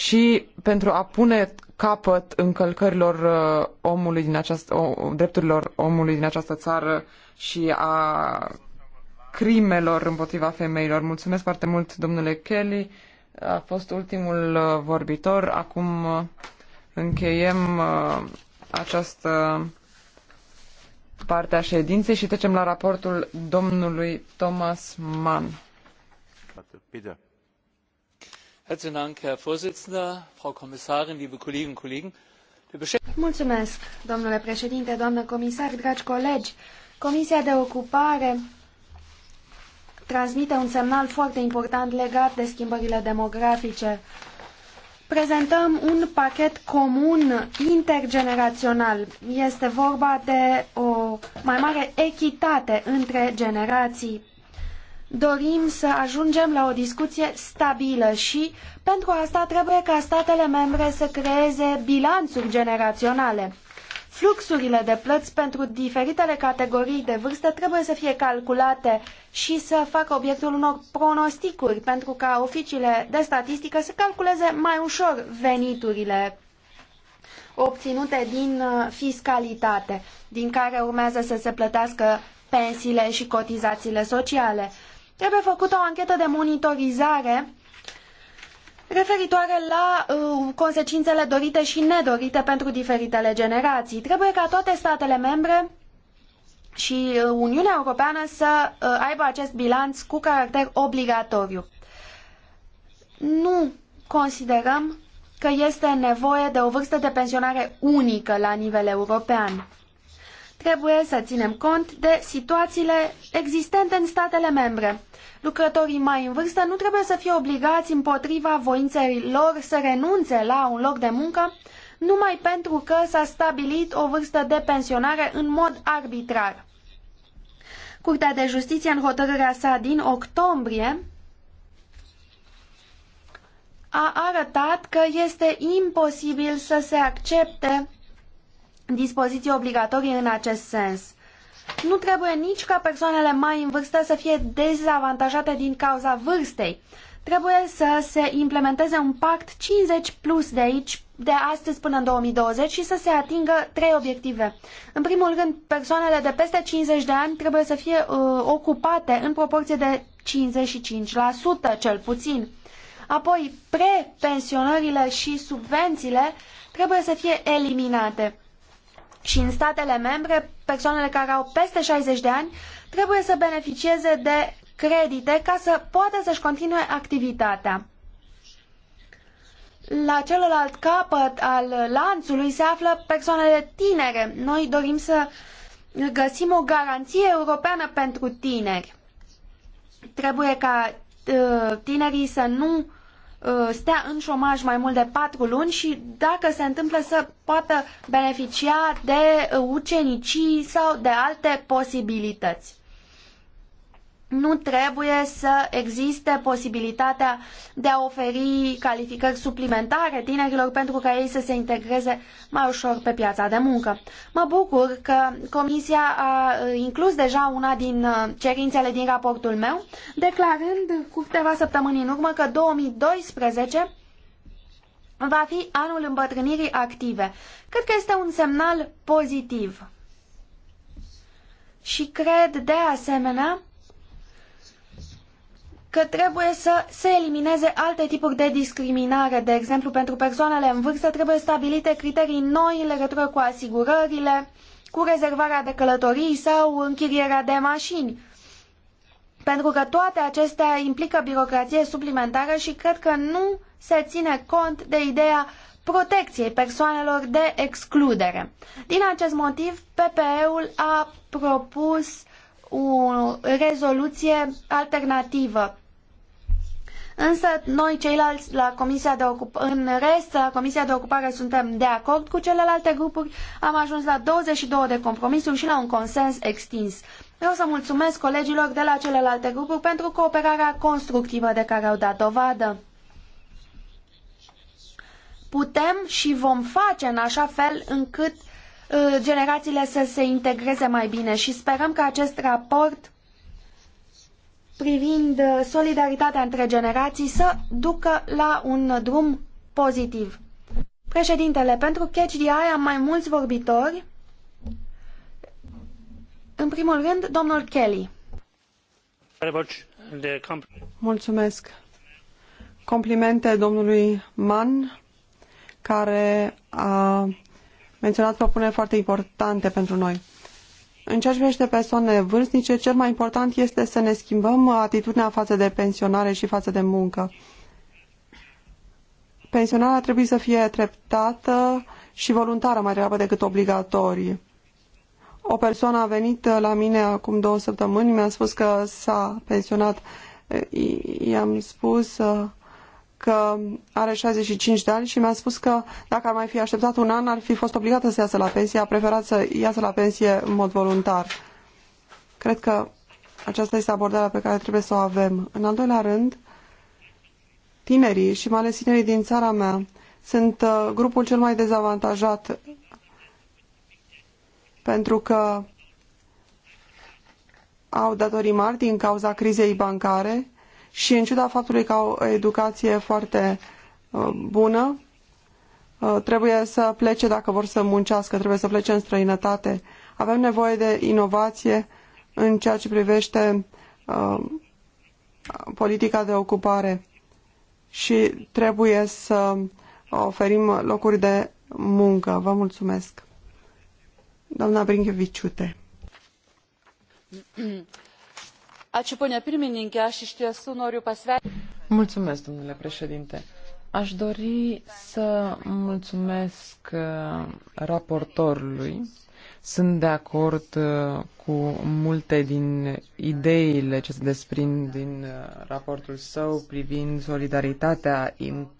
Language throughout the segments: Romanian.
și pentru a pune capăt încălcărilor uh, omului din această, drepturilor omului din această țară și a crimelor împotriva femeilor. Mulțumesc foarte mult, domnule Kelly. A fost ultimul uh, vorbitor. Acum uh, încheiem această parte a ședinței și trecem la raportul domnului Thomas Mann. Peter domnule președinte doamnă comisar dragi colegi comisia de ocupare transmite un semnal foarte important legat de schimbările demografice. Prezentăm un pachet comun intergenerațional. Este vorba de o mai mare echitate între generații dorim să ajungem la o discuție stabilă și pentru asta trebuie ca statele membre să creeze bilanțuri generaționale. Fluxurile de plăți pentru diferitele categorii de vârstă trebuie să fie calculate și să facă obiectul unor pronosticuri pentru ca oficiile de statistică să calculeze mai ușor veniturile obținute din uh, fiscalitate, din care urmează să se plătească pensiile și cotizațiile sociale. Trebuie făcută o anchetă de monitorizare referitoare la uh, consecințele dorite și nedorite pentru diferitele generații. Trebuie ca toate statele membre și uh, Uniunea Europeană să uh, aibă acest bilanț cu caracter obligatoriu. Nu considerăm că este nevoie de o vârstă de pensionare unică la nivel european. Trebuie să ținem cont de situațiile existente în statele membre Lucrătorii mai în vârstă nu trebuie să fie obligați împotriva voinței lor să renunțe la un loc de muncă numai pentru că s-a stabilit o vârstă de pensionare în mod arbitrar. Curtea de Justiție, în hotărârea sa din octombrie, a arătat că este imposibil să se accepte dispoziții obligatorii în acest sens. Nu trebuie nici ca persoanele mai în vârstă să fie dezavantajate din cauza vârstei. Trebuie să se implementeze un pact 50 plus de aici, de astăzi până în 2020 și să se atingă trei obiective. În primul rând, persoanele de peste 50 de ani trebuie să fie uh, ocupate în proporție de 55% cel puțin. Apoi, prepensionările și subvențiile trebuie să fie eliminate și în statele membre, persoanele care au peste 60 de ani trebuie să beneficieze de credite ca să poată să-și continue activitatea. La celălalt capăt al lanțului se află persoanele tinere. Noi dorim să găsim o garanție europeană pentru tineri. Trebuie ca uh, tinerii să nu Uh, stea în șomaj mai mult de patru luni și dacă se întâmplă să poată beneficia de ucenicii sau de alte posibilități nu trebuie să existe posibilitatea de a oferi calificări suplimentare tinerilor pentru ca ei să se integreze mai ușor pe piața de muncă. Mă bucur că Comisia a uh, inclus deja una din uh, cerințele din raportul meu, declarând cu câteva săptămâni în urmă că 2012 va fi anul îmbătrânirii active. Cred că este un semnal pozitiv. Și cred de asemenea că trebuie să se elimineze alte tipuri de discriminare. De exemplu, pentru persoanele în vârstă trebuie stabilite criterii noi în legătură cu asigurările, cu rezervarea de călătorii sau închirierea de mașini. Pentru că toate acestea implică birocrație suplimentară și cred că nu se ține cont de ideea protecției persoanelor de excludere. Din acest motiv, PPE-ul a propus o rezoluție alternativă Însă noi ceilalți la Comisia de în rest, la Comisia de Ocupare suntem de acord cu celelalte grupuri, am ajuns la 22 de compromisuri și la un consens extins. Vreau să mulțumesc colegilor de la celelalte grupuri pentru cooperarea constructivă de care au dat dovadă. Putem și vom face în așa fel încât uh, generațiile să se integreze mai bine și sperăm că acest raport privind uh, solidaritatea între generații să ducă la un drum pozitiv. Președintele, pentru Catch the Eye am mai mulți vorbitori. În primul rând, domnul Kelly. Mulțumesc. Complimente domnului Mann, care a menționat propuneri foarte importante pentru noi. În ceea ce privește persoanele vârstnice, cel mai important este să ne schimbăm atitudinea față de pensionare și față de muncă. Pensionarea trebuie să fie treptată și voluntară mai degrabă decât obligatorie. O persoană a venit la mine acum două săptămâni, mi-a spus că s-a pensionat. I-am spus uh, că are 65 de ani și mi-a spus că dacă ar mai fi așteptat un an, ar fi fost obligată să iasă la pensie, a preferat să iasă la pensie în mod voluntar. Cred că aceasta este abordarea pe care trebuie să o avem. În al doilea rând, tinerii și mai ales tinerii din țara mea sunt uh, grupul cel mai dezavantajat pentru că au datorii mari din cauza crizei bancare și în ciuda faptului că au o educație foarte uh, bună, uh, trebuie să plece dacă vor să muncească, trebuie să plece în străinătate. Avem nevoie de inovație în ceea ce privește uh, politica de ocupare și trebuie să oferim locuri de muncă. Vă mulțumesc. Doamna viciute. Mulțumesc, domnule președinte. Aș dori să mulțumesc uh, raportorului. Sunt de acord uh, cu multe din ideile ce se desprind din uh, raportul său privind solidaritatea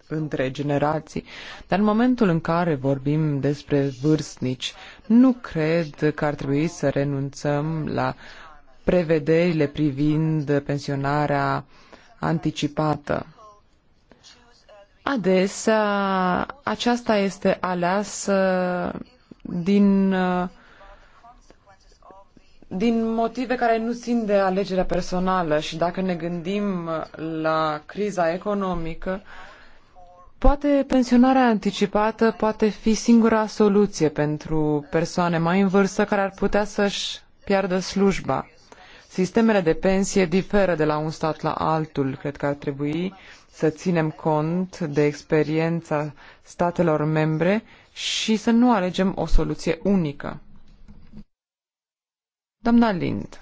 între generații. Dar în momentul în care vorbim despre vârstnici, nu cred că ar trebui să renunțăm la prevederile privind pensionarea anticipată. Adesea aceasta este aleasă din, din motive care nu țin de alegerea personală și dacă ne gândim la criza economică, poate pensionarea anticipată poate fi singura soluție pentru persoane mai în vârstă care ar putea să-și piardă slujba. Sistemele de pensie diferă de la un stat la altul. Cred că ar trebui să ținem cont de experiența statelor membre și să nu alegem o soluție unică. Doamna Lind.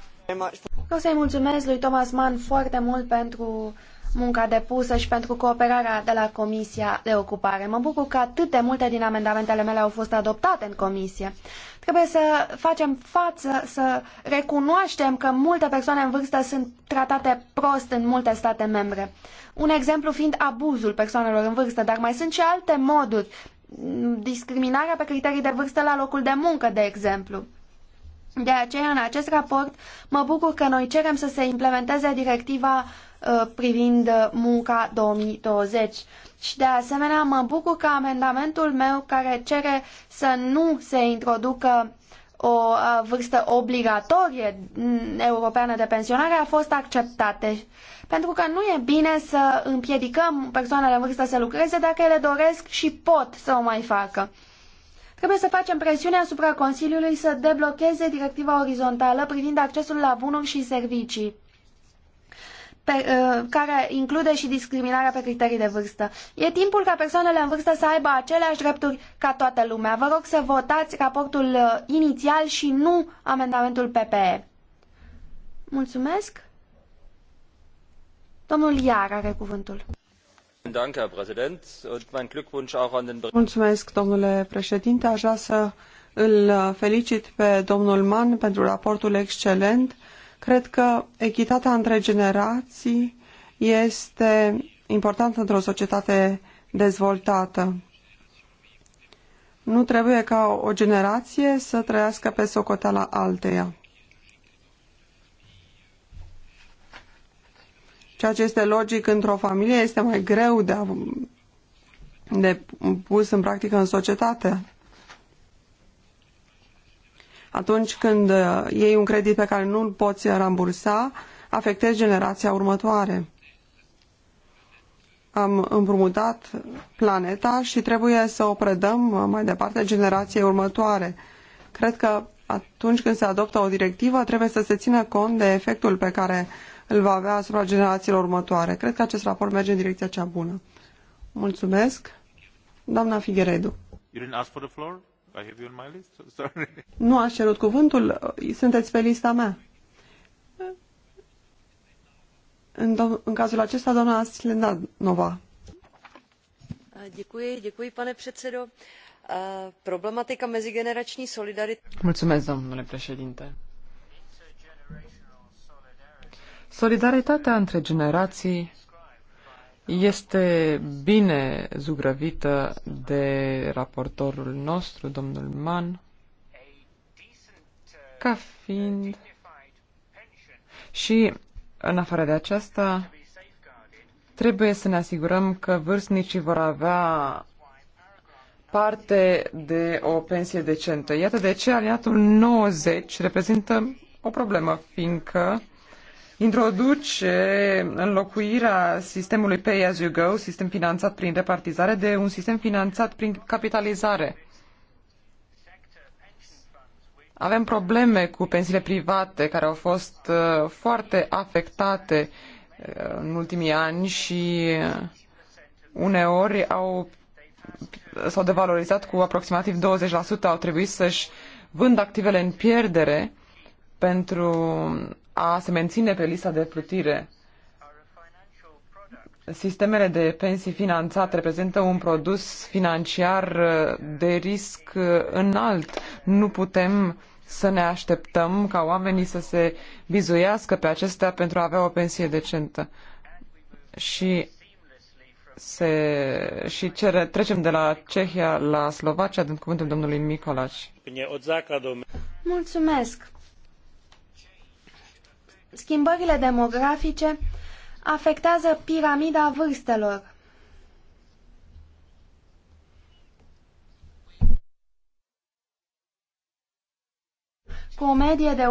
Vreau să-i mulțumesc lui Thomas Mann foarte mult pentru munca depusă și pentru cooperarea de la Comisia de Ocupare. Mă bucur că atât de multe din amendamentele mele au fost adoptate în comisie. Trebuie să facem față, să recunoaștem că multe persoane în vârstă sunt tratate prost în multe state membre. Un exemplu fiind abuzul persoanelor în vârstă, dar mai sunt și alte moduri. Discriminarea pe criterii de vârstă la locul de muncă, de exemplu. De aceea, în acest raport, mă bucur că noi cerem să se implementeze directiva uh, privind munca 2020. Și de asemenea, mă bucur că amendamentul meu care cere să nu se introducă o uh, vârstă obligatorie europeană de pensionare a fost acceptat. Pentru că nu e bine să împiedicăm persoanele în vârstă să lucreze dacă ele doresc și pot să o mai facă. Trebuie să facem presiune asupra Consiliului să deblocheze directiva orizontală privind accesul la bunuri și servicii uh, care include și discriminarea pe criterii de vârstă. E timpul ca persoanele în vârstă să aibă aceleași drepturi ca toată lumea. Vă rog să votați raportul uh, inițial și nu amendamentul PPE. Mulțumesc. Domnul Iar are cuvântul domnule președinte. Aș vrea să îl felicit pe domnul Mann pentru raportul excelent. Cred că echitatea între generații este importantă într-o societate dezvoltată. Nu trebuie ca o generație să trăiască pe socoteala alteia. Ceea ce este logic într-o familie este mai greu de, a, de pus în practică în societate. Atunci când uh, iei un credit pe care nu îl poți rambursa, afectezi generația următoare. Am împrumutat planeta și trebuie să o predăm uh, mai departe generației următoare. Cred că atunci când se adoptă o directivă, trebuie să se țină cont de efectul pe care îl va avea asupra generațiilor următoare. Cred că acest raport merge în direcția cea bună. Mulțumesc. Doamna Figueredu. Nu aș cerut cuvântul, sunteți pe lista mea. În, în cazul acesta, doamna Slendanova. Eh, děkuji, děkuji, pane předsedo. Eh, problematika mezigenerační solidarity. Mulțumesc, domnule președinte. Solidaritatea între generații este bine zugrăvită de raportorul nostru, domnul Mann, ca fiind și, în afară de aceasta, trebuie să ne asigurăm că vârstnicii vor avea parte de o pensie decentă. Iată de ce aliatul 90 reprezintă o problemă, fiindcă introduce înlocuirea sistemului pay as you go, sistem finanțat prin repartizare, de un sistem finanțat prin capitalizare. Avem probleme cu pensiile private care au fost uh, foarte afectate uh, în ultimii ani și uh, uneori au s-au devalorizat cu aproximativ 20%, au trebuit să-și vând activele în pierdere pentru a se menține pe lista de plătire. Sistemele de pensii finanțate reprezintă un produs financiar de risc înalt. Nu putem să ne așteptăm ca oamenii să se vizuiască pe acestea pentru a avea o pensie decentă. Și, se, și cere, trecem de la Cehia la Slovacia, din cuvântul domnului Micolaci. Mulțumesc! Schimbările demografice afectează piramida vârstelor. Cu o medie de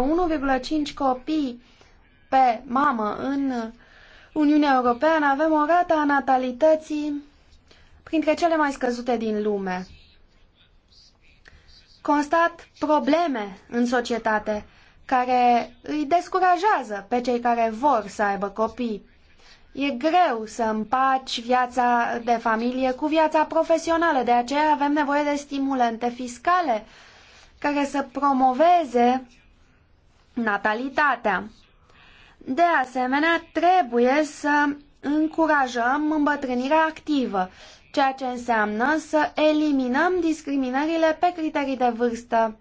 1,5 copii pe mamă în Uniunea Europeană avem o rată a natalității printre cele mai scăzute din lume. Constat probleme în societate care îi descurajează pe cei care vor să aibă copii. E greu să împaci viața de familie cu viața profesională, de aceea avem nevoie de stimulente fiscale care să promoveze natalitatea. De asemenea, trebuie să încurajăm îmbătrânirea activă, ceea ce înseamnă să eliminăm discriminările pe criterii de vârstă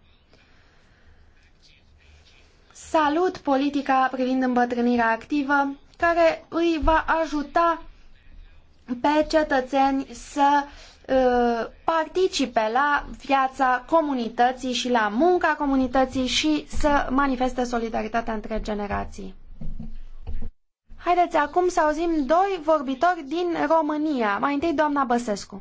Salut politica privind îmbătrânirea activă, care îi va ajuta pe cetățeni să uh, participe la viața comunității și la munca comunității și să manifeste solidaritatea între generații. Haideți acum să auzim doi vorbitori din România. Mai întâi doamna Băsescu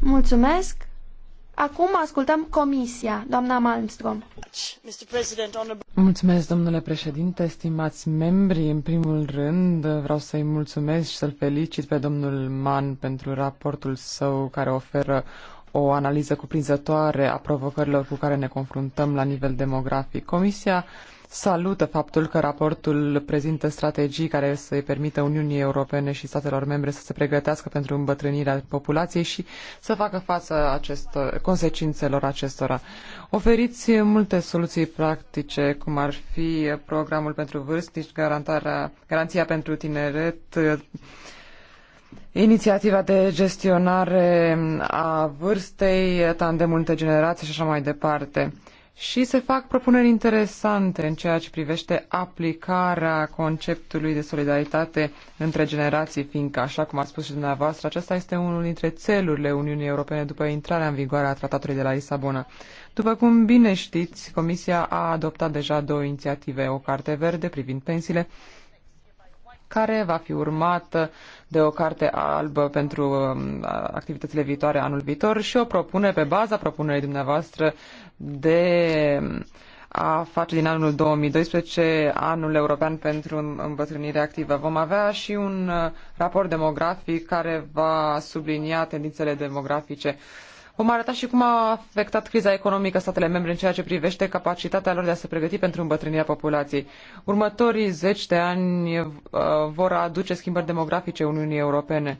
Mulțumesc. Acum ascultăm Comisia, doamna Malmström. Mulțumesc, domnule președinte, stimați membri. În primul rând, vreau să-i mulțumesc și să-l felicit pe domnul Mann pentru raportul său care oferă o analiză cuprinzătoare a provocărilor cu care ne confruntăm la nivel demografic. Comisia salută faptul că raportul prezintă strategii care să-i permită Uniunii Europene și statelor membre să se pregătească pentru îmbătrânirea populației și să facă față acestor, consecințelor acestora. Oferiți multe soluții practice, cum ar fi programul pentru vârstnici, deci garanția pentru tineret, inițiativa de gestionare a vârstei, tandemul între generații și așa mai departe și se fac propuneri interesante în ceea ce privește aplicarea conceptului de solidaritate între generații, fiindcă, așa cum a spus și dumneavoastră, acesta este unul dintre țelurile Uniunii Europene după intrarea în vigoare a Tratatului de la Lisabona. După cum bine știți, Comisia a adoptat deja două inițiative, o carte verde privind pensiile care va fi urmată de o carte albă pentru um, activitățile viitoare anul viitor și o propune pe baza propunerii dumneavoastră de um, a face din anul 2012 anul european pentru îmbătrânire activă. Vom avea și un uh, raport demografic care va sublinia tendințele demografice uh, Vom arăta și cum a afectat criza economică statele membre în ceea ce privește capacitatea lor de a se pregăti pentru îmbătrânirea populației. Următorii zeci de ani uh, vor aduce schimbări demografice Uniunii Europene.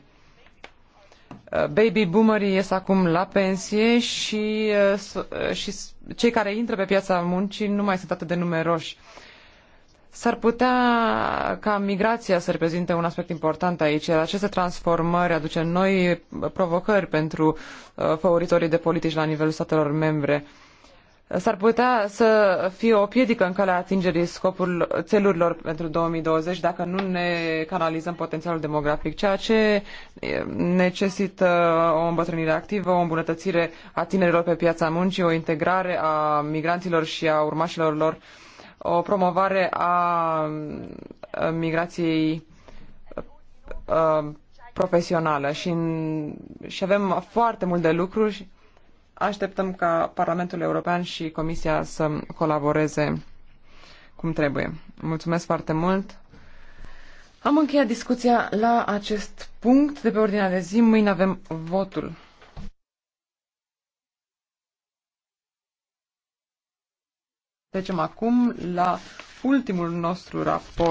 Uh, baby boomerii ies acum la pensie și, uh, și cei care intră pe piața muncii nu mai sunt atât de numeroși. S-ar putea ca migrația să reprezinte un aspect important aici, iar aceste transformări aduce noi provocări pentru uh, favoritorii de politici la nivelul statelor membre. S-ar putea să fie o piedică în calea atingerii scopurilor, țelurilor pentru 2020 dacă nu ne canalizăm potențialul demografic, ceea ce necesită o îmbătrânire activă, o îmbunătățire a tinerilor pe piața muncii, o integrare a migranților și a urmașilor lor uh, o promovare a migrației profesională și, în, și avem foarte mult de lucru și așteptăm ca Parlamentul European și Comisia să colaboreze cum trebuie. Mulțumesc foarte mult! Am încheiat discuția la acest punct de pe ordinea de zi. Mâine avem votul. Trecem acum la ultimul nostru raport.